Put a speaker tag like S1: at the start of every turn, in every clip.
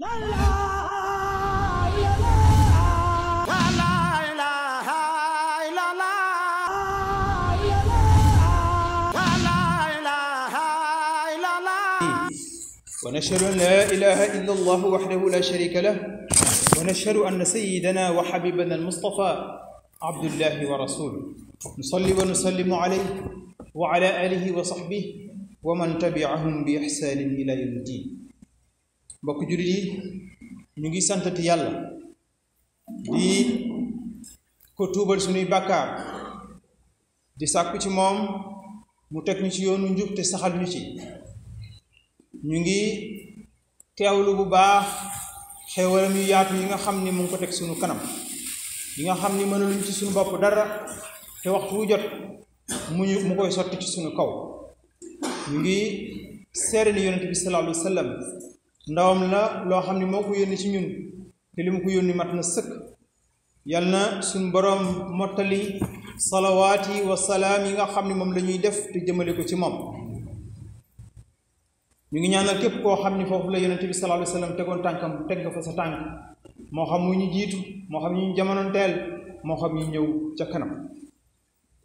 S1: لا لا لا لا ونشهد أن لا إله إلا الله وحده لا شريك له ونشهد أن سيدنا وحبيبنا المصطفى عبد الله ورسوله نصلي ونسلم عليه وعلى آله وصحبه ومن تبعهم بإحسان إلى يوم الدين mbokk jullit yi ñu ngi santati yàlla di ko tuubal suñuy bakkaar di sàkku ci moom mu teg ñu ci yoonu njub te saxal ñu ci ñu ngi teewlu bu baax xewalam yu yaatu yi nga xam ni mu ngi ko teg sunu kanam yi nga xam ni mënaluñ ci suñu bopp dara te waxtu wu jot mu ñu mu koy sotti ci sunu kaw ñu ngi seere ni yonent bi sallallahu alayhi ndawam la loo xam ne moo ko yónni ci ñun te li mu ko yónni mat na sëkk yal na suñ boroom mottali salawaat yi wa salaam yi nga xam ne moom la def te jëmale ko ci moom ñu ngi ñaanal képp koo xam ne foofu la yonente bi sallallahu alayhi wasallam tegoon tànkam teg nga fa sa tànk moo xam mu ñu jiitu moo xam ñu ñu jamonoon teel moo xam ñu ñëw ca kanam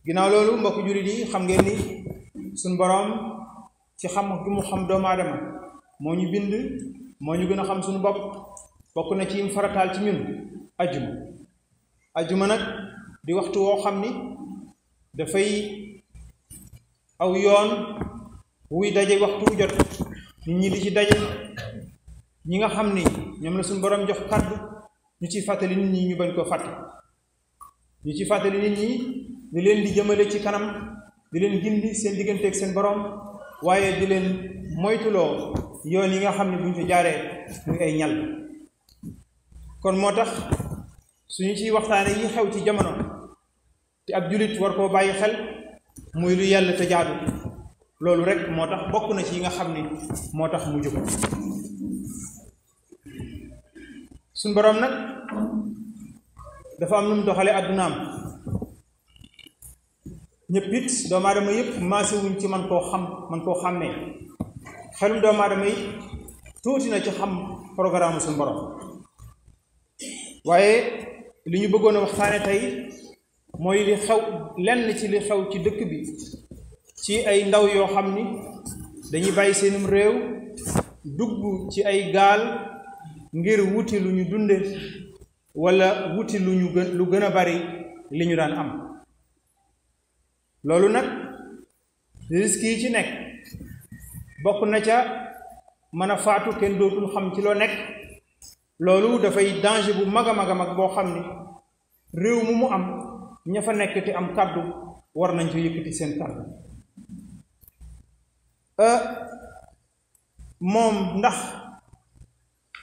S1: ginnaaw loolu mbokk jullit yi xam ngeen ni suñ boroom ci xam gi mu xam doomu aadama moo ñu bind moo ñu gën a xam suñu bopp bokk na ci yim farataal ci ñun ajuma ajuma nag di waxtu woo xam ni dafay aw yoon wuy daje waxtu wu jot nit ñi di ci daje ñi nga xam ni ñoom la suñu borom jox kaddu ñu ci fàttali nit ñi ñu bañ ko fàtte ñu ci fàttali nit ñi di leen di jëmale ci kanam di leen gindi seen digganteeg seen borom waaye di leen moytuloo yoon yi nga xam ne buñ ci jaaree muy ay ñal kon moo tax suñu ciy waxtaane yi xew ci jamono te ab jullit war koo bàyyi xel muy lu yàlla te jaadu loolu rek moo tax bokk na ci yi nga xam ni moo tax mu jóg suñ boroom nag dafa am nu mu doxale addunaam ñëpp it doomu aadama yëpp maase wuñ ci man koo xam man koo xàmmee xelum doomu aadama yi tuuti na ci xam programme suñu borom waaye li ñu bëggoon a waxtaane tey mooy li xew lenn ci li xew ci dëkk bi ci ay ndaw yoo xam ni dañuy bàyyi seenum réew dugg ci ay gaal ngir wuti lu ñu dunde walla wuti lu ñu gën lu gën a bari li ñu daan am loolu nag risque yi ci nekk bokk na ca mën a faatu kenn dootul xam ci loo nekk loolu dafay danger bu mag a mag a mag boo xam ne réew mi mu am ña fa nekk te am kàddu war nañ ci yëkkati seen kàddu euh, moom ndax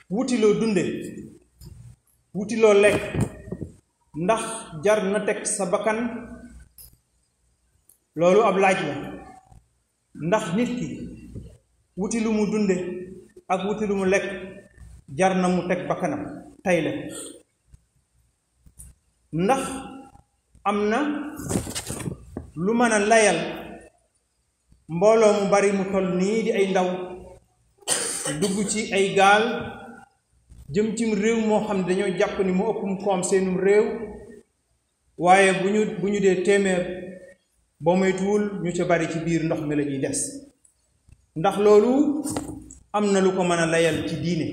S1: wuti loo dunde wuti loo lekk ndax jar na teg sa bakkan loolu ab laaj la ndax nit ki wuti lu mu dunde ak wuti lu mu lekk jar na mu teg bakkanam tey la ndax am na lu mën a layal mbooloo mu bari mu toll nii di ay ndaw dugg ci ay gaal jëm cim réew moo xam ne dañoo jàpp ni mu ëppum koom seenum réew waaye bu ñu bu ñu dee téeméer boo moytuwul ñu ci bari ci biir ndox mi la ñuy des ndax loolu am na lu ko mën a layal ci diine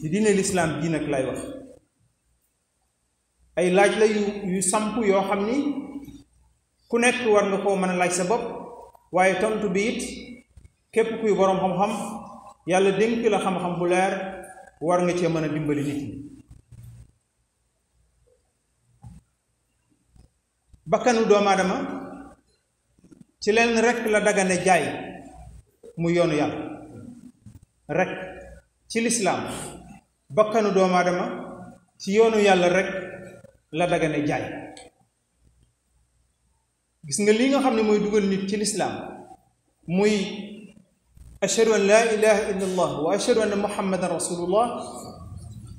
S1: ci diine lislaam diin ak lay wax ay laaj la yu yu samp yoo xam ni ku nekk war nga koo mën a laaj sa bopp waaye tontu bi it képp kuy boroom xam-xam yàlla dénk la xam-xam bu leer war nga cee mën a dimbali nit ñi bakkanu doomu aadama ci leen rek la dagane jaay muy yoonu yàlla rek ci lislaam bakkanu doomu aadama ci yoonu yàlla rek la dagane jaay gis nga li nga xam ne mooy dugal nit ci lislaam muy ashhadu an laa ilaha illa allah wa ashhadu anna muhammadan rasulullah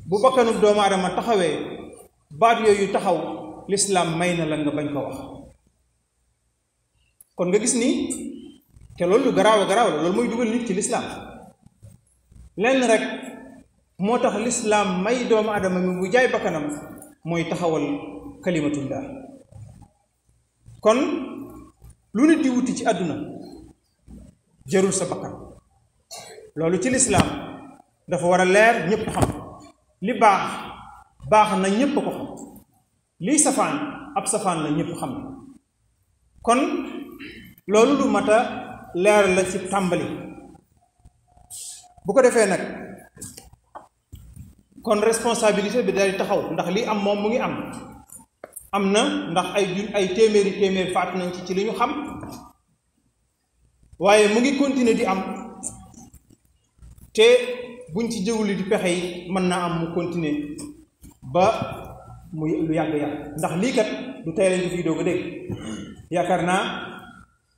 S1: bu bakkanu doomu aadama taxawee baat yooyu taxaw lislaam may na la nga bañ ko wax kon nga gis ni te loolu lu garaaw a garaaw la loolu mooy dugal nit ci lislaam lenn rek moo tax lislaam may doom adama mi bu jaay bakkanam mooy taxawal kalimatullah kon lu nit di wuti ci àdduna jërul sa bakkan loolu ci lislaam dafa war a leer ñépp xam li baax baax na ñépp ko xam lii safaan ab safaan la ñëpp xam kon loolu lu mat a leer la si tàmbali bu ko defee nag kon responsabilité bi day taxaw ndax lii am moom mu ngi am am na ndax ay ju ay téeméeri téeméer faatu nañ ci ci li ñu xam waaye mu ngi continuer di am te buñ ci jëwli di pexe yi mën naa am mu continuer ba mu lu yàgg yàgg ndax lii kat du tey lañ fi fii doog a dégg yaakaar naa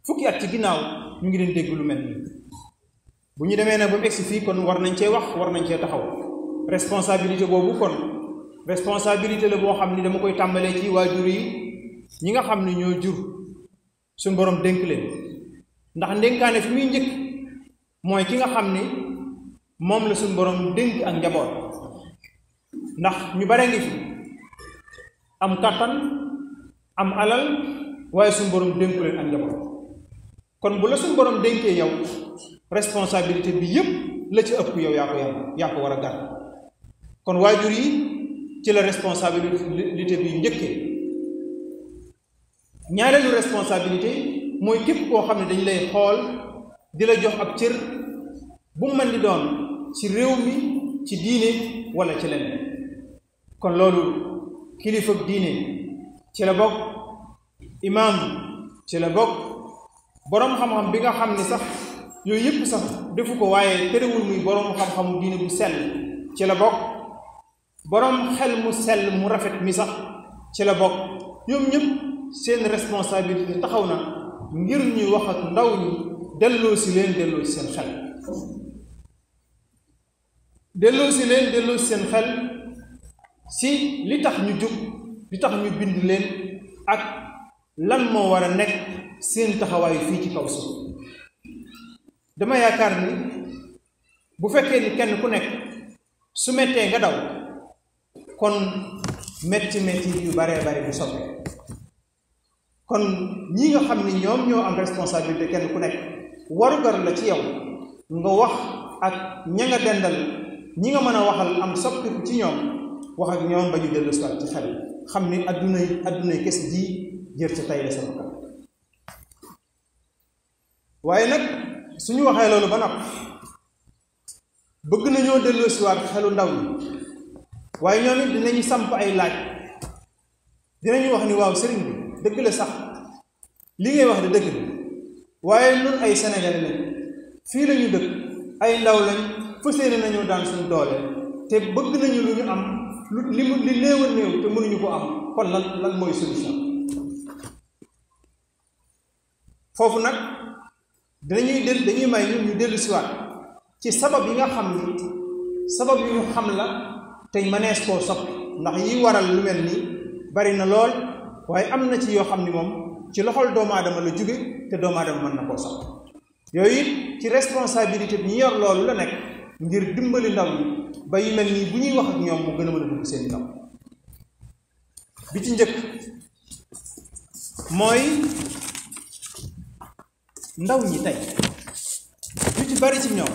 S1: fukki at ci ginnaaw ñu ngi leen dégg lu mel nii bu ñu demee nag ba mu egsi fii kon war nañ cee wax war nañ cee taxaw responsabilité boobu kon responsabilité la boo xam ni dama koy tàmbalee ci waajur yi ñi nga xam ne ñoo jur suñ borom dénk leen ndax ndénkaane fi muy njëkk mooy ki nga xam ni moom la suñ borom dénk ak njaboot ndax ñu bare ngi fi am kàttan am alal waaye suñu borom dénku leen ak njaboot kon bu la suñu borom dénkee yow responsabilité bi yëpp la ci ëpp yow yaa ko yam yaa ko war a gàtt kon waajur yi ci la responsabilité bi njëkkee ñaareelu responsabilité mooy képp koo xam ne dañ lay xool di la jox ab cër bu mu mën di doon ci réew mi ci diine wala ci leneen kon loolu kilifa diine ci la bokk imaam ci la bokk boroom xam-xam bi nga xam ni sax yooyu yëpp sax defu ko waaye terewul muy boroom xam-xamu diine bu sell ci la bokk boroom xel mu sell mu rafet mi sax ci la bokk ñoom ñëpp seen responsabilité taxaw na ngir ñuy wax ak ndaw ñu delloo si leen delloo si seen xel delloo si leen delloo si seen xel si li tax ñu jóg li tax ñu bind leen ak lan moo war a nekk seen taxawaayu fii ci kaw suuf dama yaakaar ni bu fekkee ni kenn ku nekk su mettee nga daw kon metti metti yu bare bari bu soppe kon ñi nga xam ni ñoom ñoo am responsabilité kenn ku nekk warugar la ci yow nga wax ak ña nga dendal ñi nga mën a waxal am soppi ci ñoom wax ak ñoom ba ñu dellu si ci xel xam ni adduna yi adduna yi kese ji jër ca tay la sama kan waaye nag suñu waxee loolu ba nag bëgg nañoo delloo siwaat xelu ndaw ñi waaye ñoom it dinañu samp ay laaj dinañu wax ni waaw sëriñ bi dëgg la sax li ngay wax de dëgg la waaye nun ay Sénégalais lañ fii lañu dëkk ay ndaw lañ fa yéene nañu daan suñu doole te bëgg nañu lu ñu am lu li mu li néew néew te mënuñu ko am kon lan lan mooy solution foofu nag dañuy del dañuy may ñun ñu dellu waat ci sabab yi nga xam ni sabab yu ñu xam la te mënees koo soppi ndax yi waral lu mel ni bari na lool waaye am na ci yoo xam ni moom ci loxol doomu aadama la jóge te doomu aadama mën na koo soppi yooyu it ci responsabilité bi ñu yor loolu la nekk ngir dimbali ndaw ñi ba yu mel nii bu ñuy wax ñoom mu gën a mën a dugg seen ndaw bi ci njëkk mooy ndaw ñi tey lu ci bari ci ñoom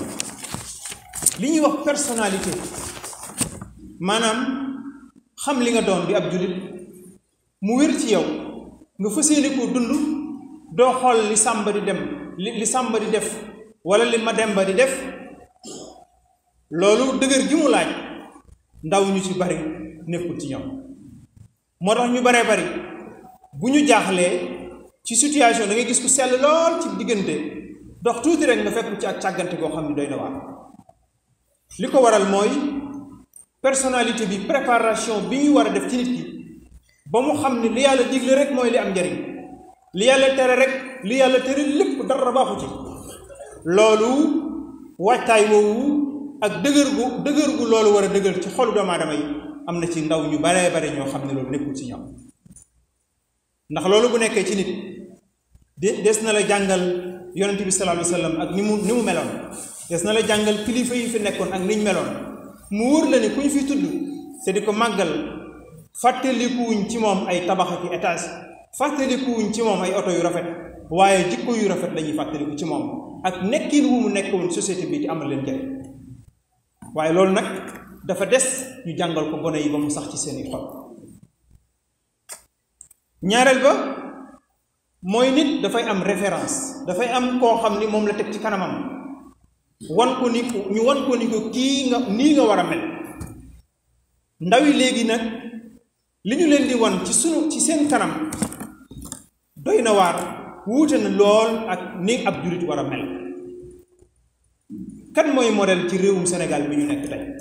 S1: li ñuy wax personnalité maanaam xam li nga doon di ab jullit mu wér ci yow nga fas yéene koo dund doo xool li sàmba di dem li sàmba di def wala li ma dem ba di def loolu dëgër gi mu laaj ndaw ñu ci bari nekkul ci ñoom moo tax ñu baree bari bu ñu jaaxlee ci situation da ngay gis ku sell lool ci diggante dox tuuti rek nga fekk ci ak càggante koo xam ne day na waar li ko waral mooy personnalité bi préparation bi ñuy war a def ci nit ki ba mu xam ne li yàlla digle rek mooy li am njariñ li yàlla tere rek li yàlla tere lépp dara baaxu ci loolu waajtaay woowu ak dëgër gu dëgër gu loolu war a dëgër ci xoolu doomu aadama yi am na ci ndaw ñu baree bare ñoo xam ne loolu nekkul ci ñoom ndax loolu bu nekkee ci nit des na la jàngal yonent bi sallallahu alayhi wasallam ak ni mu ni mu meloon des na la jàngal kilifa yi fi nekkoon ak ñu meloon mu wër la ne kuñ fi tudd te di ko màggal fàttalikuwuñ ci moom ay tabax ak i étage fàttalikuwuñ ci moom ay oto yu rafet waaye jikko yu rafet lañuy fàttaliku ci moom ak nekkin wu mu nekkoon société bi di amal leen njëriñ waaye loolu nag dafa des ñu jàngal ko gone yi ba mu sax ci seeni xol ñaareel ba mooy nit dafay am référence dafay am koo xam ni moom la teg ci kanamam wan ko ni ñu wan ko ni ko kii nga nii nga war a mel ndaw yi léegi nag li ñu leen di wan ci sunu ci seen kanam doy na waat wuute na lool ak ni ab jurit war a mel kan mooy modèle ci réewum Sénégal bi ñu nekk tey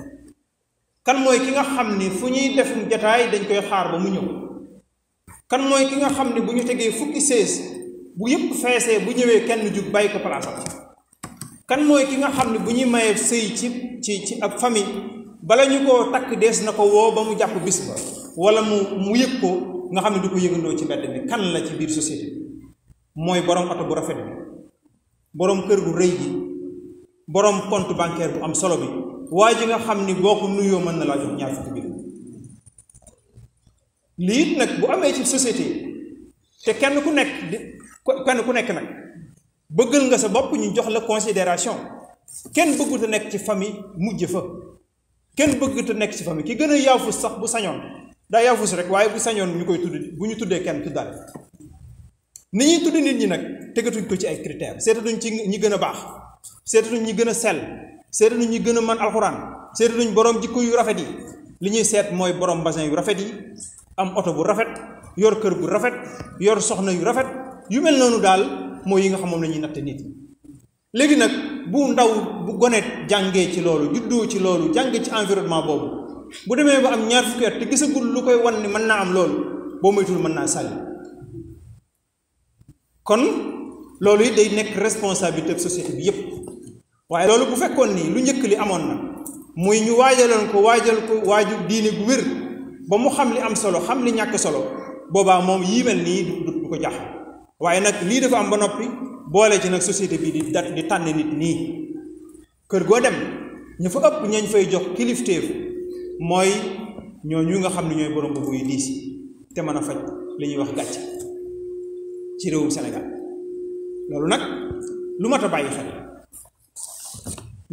S1: kan mooy ki nga xam ni fu ñuy def jataay dañ koy xaar ba mu ñëw kan mooy ki nga xam ni bu ñu tegee fukki sées bu yëpp feesee bu ñëwee kenn jug bàyyi ko kan mooy ki nga xam ne bu ñuy mayee sëy ci ci ci ab famille bala ñu koo takk dees na ko woo ba mu jàpp bis ba wala mu mu yëg ko nga xam ne du ko yëgandoo ci mbedd bi kan la ci biir société mooy borom oto bu rafet bi borom kër gu rëy gi borom compte bancaire bu am solo bi waa ji nga xam ni boo ko nuyoo mën na laa jox ñaar fukki bi lii nag bu amee ci société te kenn ku nekk di kenn ku nekk nag bëggal nga sa bopp ñu jox la considération kenn bëggut a nekk ci famille mujj fa kenn bëggut a nekk ci famille ki gën a yaafus sax bu sañoon daa yaafus rek waaye bu sañoon ñu koy tudd bu ñu tuddee kenn tuddaale ni ñuy tudd nit ñi nag tegatuñ ko ci ay critères seetatuñ ci ñi gën a baax seeta nuñ ñi gën a sell seeta nuñ ñi gën a mën alxuraan seeta nuñ boroom jikko yu rafet yi li ñuy seet mooy boroom basin yu rafet yi am oto bu rafet yor kër bu rafet yor soxna yu rafet yu mel noonu daal mooy yi nga xam moom la ñuy natte nit léegi nag bu ndaw bu gonet jàngee ci loolu juddoo ci loolu jàngee ci environnement boobu bu demee ba am ñaar fukki at te gisagul lu koy wan ni mën naa am loolu boo moytul mën naa sàlli kon loolu it day nekk responsabilité société bi yépp waaye loolu bu fekkoon nii lu njëkk li amoon na muy ñu waajaloon ko waajal ko waaju diine gu wér ba mu xam li am solo xam li ñàkk solo boobaa moom yii mel nii du du ko jax waaye nag lii dafa am ba noppi boole ci nag société bi di da di tànn nit nii kër goo dem ñu fa ëpp ñañ fay jox kilifteef mooy ñoo ñooñu nga xam ni ñooy borom bu buy diis te mën a faj li ñuy wax gàcc ci réewum Sénégal loolu nag lu mat a bàyyi xel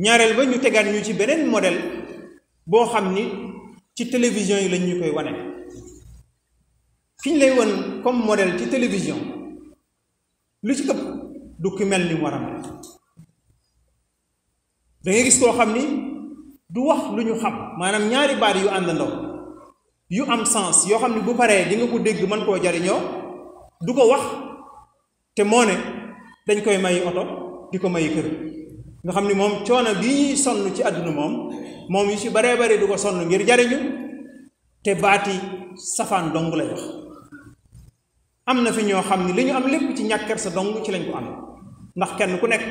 S1: ñaareel ba ñu tegaat ñu ci beneen modèle boo xam ni ci télévision yi lañ ñu koy wane fi ñu lay won comme model ci télévision lu ci ëpp du ki mel ni war a mel gis koo xam ni du wax lu ñu xam maanaam ñaari baat yu àndandoo yu am sens yoo xam ni bu paree di nga ko dégg mën koo jariñoo du ko wax te moo ne dañ koy may oto di ko may kër nga xam ni moom coono bi ñuy sonn ci àdduna moom moom yu ci baree bari du ko sonn ngir jariñu te baati safaan dong lay wax am na fi ñoo xam ni li ñu am lépp ci ñàkk sa dong ci lañ ko am ndax kenn ku nekk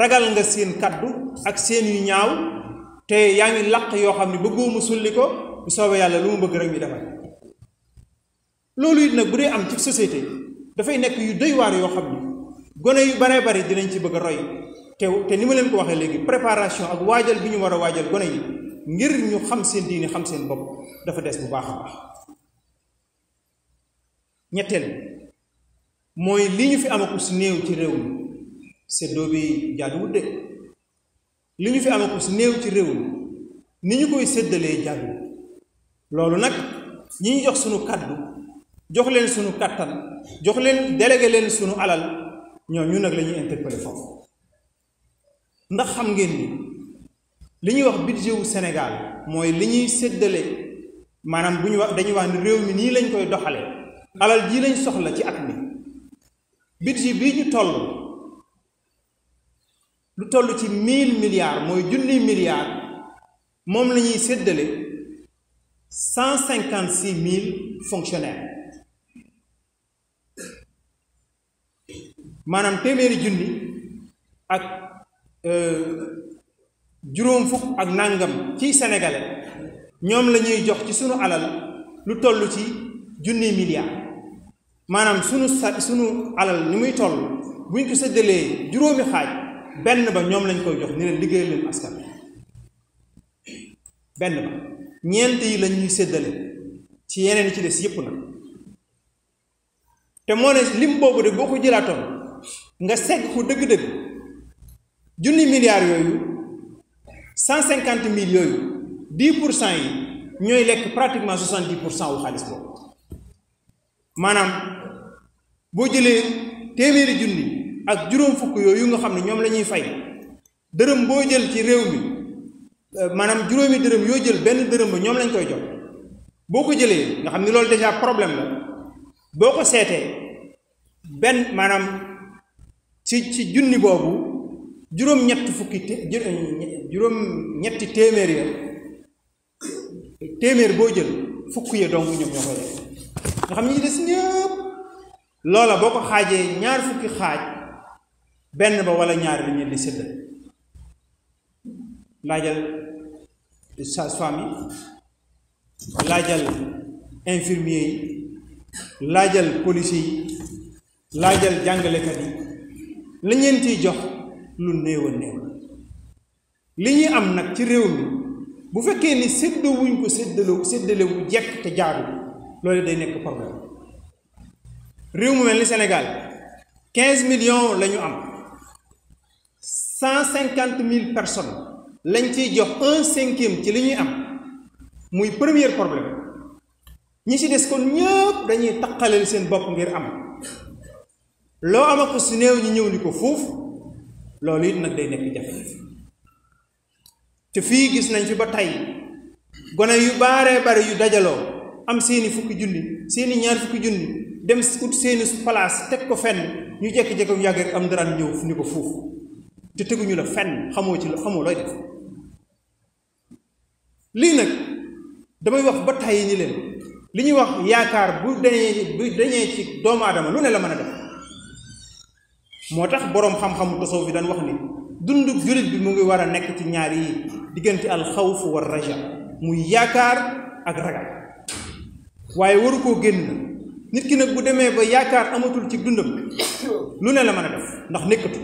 S1: ragal nga seen kaddu ak seen yu ñaaw te yaa ngi làq yoo xam ne bëggoo mu sulli ko bu soobee yàlla lu mu bëgg rek ñu defal loolu it nag bu dee am ci société dafay nekk yu doy yoo xam ni gone yu baree bari dinañ ci bëgg a roy te te ni ma leen ko waxee léegi préparation ak waajal bi ñu war a waajal gone yi ngir ñu xam seen diini xam seen bopp dafa des bu baax a baax ñetteel mooy li ñu fi amaku si néew ci réew mi seddoo bi jaaduwut de li ñu fi amaku si néew ci réew ni ñu koy séddalee jaaduwut loolu nag ñi ñu jox sunu kàddu jox leen sunu kàttan jox leen délégué leen sunu alal ñoo ñu nag la ñuy interpellé ndax xam ngeen ni li ñuy wax budget wu Sénégal mooy li ñuy séddale maanaam bu ñu wax dañuy wax ni réew mi nii lañ koy doxale alal ji lañ soxla ci at mi budget bii ñu toll lu toll ci mille milliards mooy junniy milliards moom la ñuy séddale cent cinquante six mille fonctionnaires maanaam téeméeri junni ak euh, juróom fukk ak nàngam ci sénégalais ñoom lañuy jox ci sunu alal lu toll ci junni milliard maanaam sunu sa sunu alal ni muy toll buñ ko séddalee juróomi xaaj benn ba ñoom lañ koy jox ni leen liggéeyal leen askan benn ba ñeent yi la séddale ci yeneen yi ci des yépp nag te moo ne lim boobu de boo ko jëlaatoon nga segg ko dëgg-dëgg junni milliards yooyu cent cinquante mille yooyu dix pour cent yi ñooy lekk pratiquement soixante dix pour cent wu xaalis boobu maanaam boo jëlee téeméeri junni ak juróom fukk yooyu nga xam ne ñoom la ñuy fay dërëm boo jël ci réew bi euh, maanaam juróomi dërëm yoo jël benn dërëm ba ñoom lañ koy jox boo ko jëlee nga xam ni loolu déjà problème la boo ko seetee benn maanaam ci ci junni boobu juróom ñetti fukki té eh, juróom ñetti téeméer ya téeméer boo jël fukk ya dong ñoom ñoo koy def nga xam ne ñi des ñëpp loola boo ko xaajee ñaar fukki xaaj benn ba walla ñaar bi ñu di séddal laajal sage-femme laajal infirmier yi laajal policier yi laajal jàngalekat yi la ñeen jox lu néew a li ñuy am nag ci réew mi bu fekkee ni séddawuñ ko séddalewu séddalewu jekk te jaaru loolu day nekk problème réew mu mel ni Sénégal quinze millions lañu ñu am cent cinquante mille personnes lañ ciy jox un cinquième ci li ñuy am muy première problème ñi ci des kon ñëpp dañuy taqaleel seen bopp ngir am loo ama ko si néew ñi ñëw ni ko foofu loolu it nag day nekk jafe te fii gis nañ fi ba tey gone yu baaree bari yu dajaloo am seeni fukki junni seeni ñaar fukki junni dem ut seeni palaas teg ko fenn ñu jekki-jekki bu am daraan ñëw ni ko foofu te teguñu la fenn xamoo ci xamoo looy def lii nag damay wax ba tey ni leen li ñuy wax yaakaar bu dañee bu dañee ci doomu aadama lu ne la mën a def motax borom boroom xam-xamu tasawuf bi wax ni dundug julit bi mo ngi wara nek ci ñaar yi al khawf war raja mu yaakar ak ragal waye waru ko génn nit ki nak bu démé ba yaakar amatul ci dundum lu ne la mën def ndax nekatu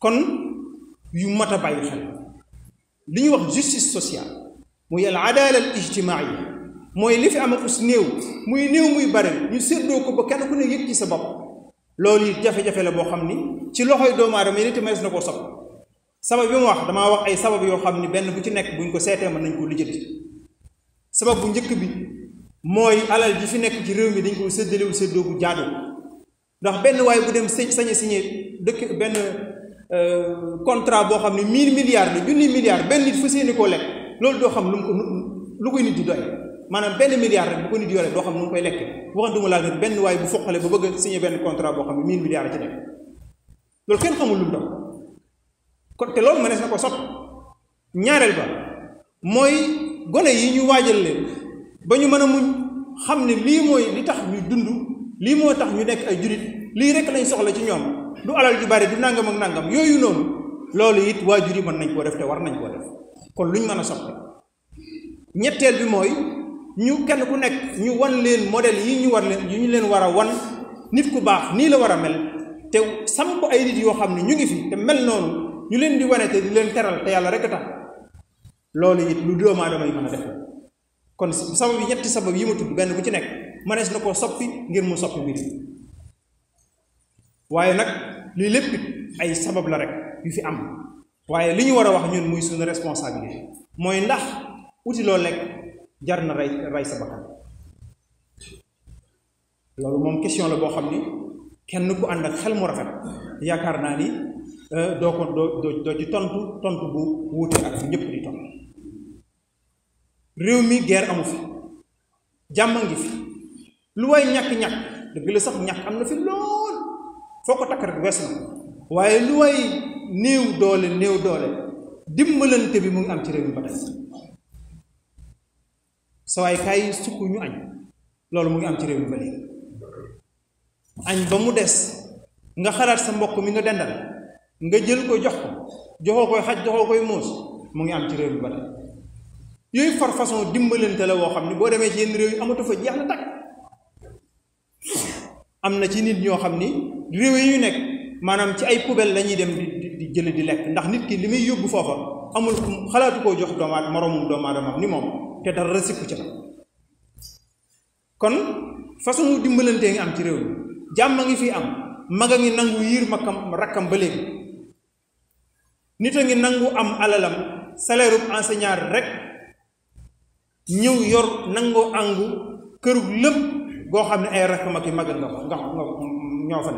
S1: kon yu mata a bàyyi xel li ñuy wax justice sociale muy al adala al ijtimaia moy li fi amatu si néew muy néew muy bare ñu seddo ko ba kenn ku ne yek ci sa bop loolu it jafe-jafe la boo xam ni ci loxo doomu aadama yi nit mënees na koo sopp sabab bi mu wax damaa wax ay sabab yoo xam ni benn bu ci nekk buñ ko seetee ma nañ ko lijjati sabab bu njëkk bi mooy alal ji fi nekk ci réew mi dañ ko séddalewul séddoo bu jaadu ndax benn waaye bu dem sëñ sañ a dëkk benn euh, contrat boo xam ne mille milliards la junni milliards benn nit fas yéene koo lekk loolu doo xam lu mu ko lu ko nit di doy maanaam benn milliard rek bu ko nit yore doo xam nu mu koy lekk waxantuma laa nag benn waaye bu foqale ba bëgg a signé benn contrat boo xam ne mille a ci nekk loolu kenn xamul lu mu doon kon te loolu mënees na ba mooy gone yi ñu waajal leen ba ñu mën a muñ xam ne lii mooy li tax ñu dund lii moo tax ñu nekk ay jurit lii rek lañ soxla ci ñoom du alal ju bari du nangam ak nangam yooyu noonu loolu it waa yi mën nañ koo def te war nañ koo def kon ñu mën a soxla ñetteel bi mooy. ñu kenn ku nekk ñu wan leen model yi ñu war leen yu ñu leen war a wan nit ku baax nii la war a mel te samp ay nit yoo xam ne ñu ngi fi te mel noonu ñu leen di wane te di leen teral te yàlla rek tax loolu it lu doomu aadama yi mën a def kon sabab yi ñetti sabab yi ma tudd benn bu ci nekk manees na koo soppi ngir mu soppi mbir waaye nag li lépp ay sabab la rek yu fi am waaye li ñu war a wax ñun muy suñu responsabilité mooy ndax uti loolu lekk jar na ray ray sa bakkan loolu mom question la bo xamni kenn ku and ak xel mu rafet yaakaar na ni euh do ko do do ci tontu tontu bu wuti ak ñepp di tontu rew mi guerre amu fi jamm ngi fi lu way ñak ñak deug la sax ñak amna fi lool foko tak rek wees na waaye lu way neew doole neew doole dimbalante bi mu ngi am ci rew mi ba tey sa waay kaay sukk ñu añ loolu mu ngi am ci réew mi ba léegi añ ba mu des nga xalaat sa mbokk mi nga dendal nga jël ko jox ko joxoo koy xaj joxoo koy muus mu ngi am ci réew mi ba tey yooyu far façon dimbalante la woo xam ne boo demee ci yenn réew yi amatu fa jeex na takk am na ci nit ñoo xam ni réew yi ñu nekk maanaam ci ay poubelle lañuy dem di jële di lekk ndax nit ki li muy yóbbu foofa amul xalaatu koo jox doomaat moroomum doomu aadama ni moom te dara rësiku ca kon façon dimbalantee ngi am ci réew mi jàmm a ngi fi am mag a ngi nangu yiir makkam rakkam ba léegi nit a ngi nangu am alalam salaire ub rek ñëw yor nangoo àngu kërug lépp goo xam ne ay rakkam ak i mag nga nga ñoo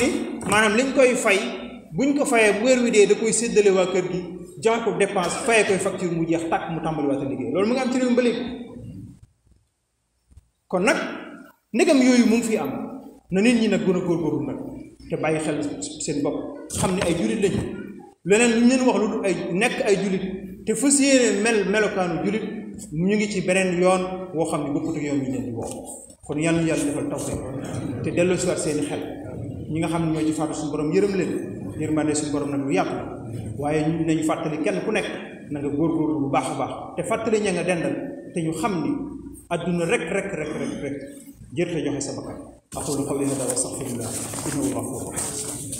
S1: ne maanaam liñ koy fay bu ñu ko fayee bu weer wi dee da koy séddale waa kër gi jox ko dépense fayee koy facture mu jeex tàkk mu tàmbali waata liggéey loolu mu ngi am ci réew mi ba kon nag ndegam yooyu mu ngi fi am na nit ñi nag gën a góorgóorlu nag te bàyyi xel seen bopp xam ne ay jullit lañu leneen lu leen wax lu dul ay nekk ay jullit te fas yéene mel melokaanu jullit ñu ngi ci beneen yoon woo xam ne bokkut yoon ñu leen di woo kon yàlla yàlla defal tawfeex te si waat seeni xel ñi nga xam ne ñoo ci faatu suñu borom leen yërmande suñu borom nag lu yàqu waaye ñun nañu fàttali kenn ku nekk na nga góorgóorlu bu baax a baax te fàttali ña nga dendal te ñu xam ni adduna rek rek rek rek rek jër te joxe sa bakkan aqulu qawli hada wa astaghfirullah innahu ghafurur rahim